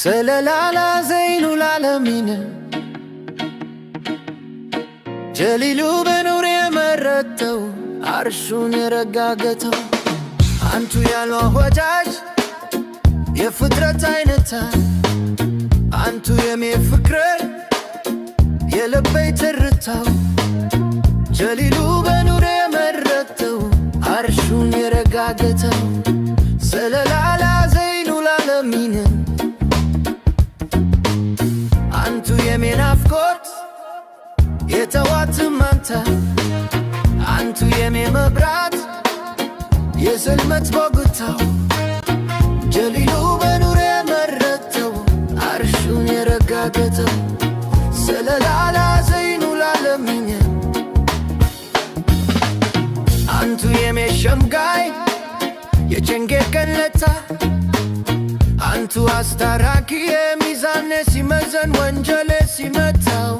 ስለላላ ዘይኑ ላለሚን ጀሊሉ በኑር የመረተው አርሹን የረጋገተው አንቱ ያለው ወዳጅ የፍጥረት አይነታ አንቱ የሜ ፍቅር የልበይ ትርታው ጀሊሉ በኑር የመረተው አርሹን የረጋገተው ስለላ ከንቱ የሜናፍቆት የተዋትም አንተ አንቱ የሜ መብራት የዘልመት ቦግታው ጀሊሉ በኑር የመረተው አርሹን የረጋገተው ስለላላ ዘይኑ ላለምኝ አንቱ የሜ ሸምጋይ የጨንጌ ቀለታ አንቱ አስታራኪ የሚዛኔ ሲመዘን ወንጀሌ ሲመታው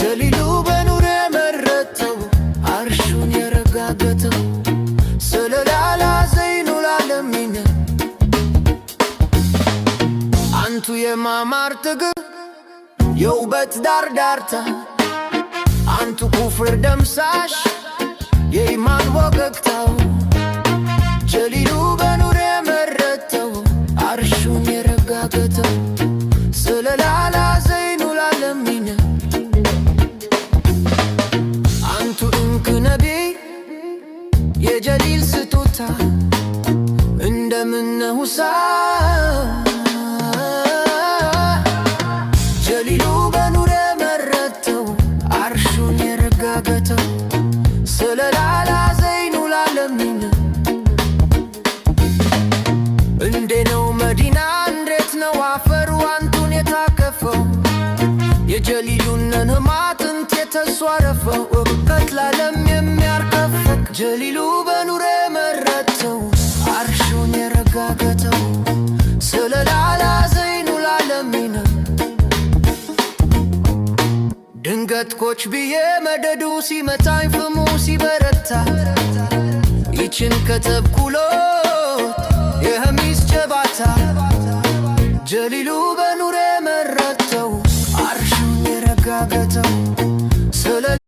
ጀሊሉ በኑር የመረተው አርሹን የረጋገተው ስለላላ ዘይኑ ላለሚነ አንቱ የማማር ትግ የውበት ዳር ዳርታ! አንቱ ኩፍር ደምሳሽ የጀሊል ስጦታ እንደምነሁሳ ጀሊሉ በኑር የመረተው አርሹን የረጋገተው ስለ ላላ ዘይኑ ላለሚን እንዴ ነው መዲና እንዴት ነው አፈሩ አንቱን የታከፈው የጀሊሉንን ህማትንት የተሷረፈው እውቀት ላለም የሚ ጀሊሉ በኑር የመረተው አርሹን የረጋገተው ስለ ላላ ዘይኑ ላለሚነ ድንገት ኮች ብዬ መደዱ ሲመታኝ ፍሙ ሲበረታ ይችን ከተብኩሎ የኸሚስ ጀባታ ጀሊሉ በኑር የመረተው አርሹን የረጋገተው ስለ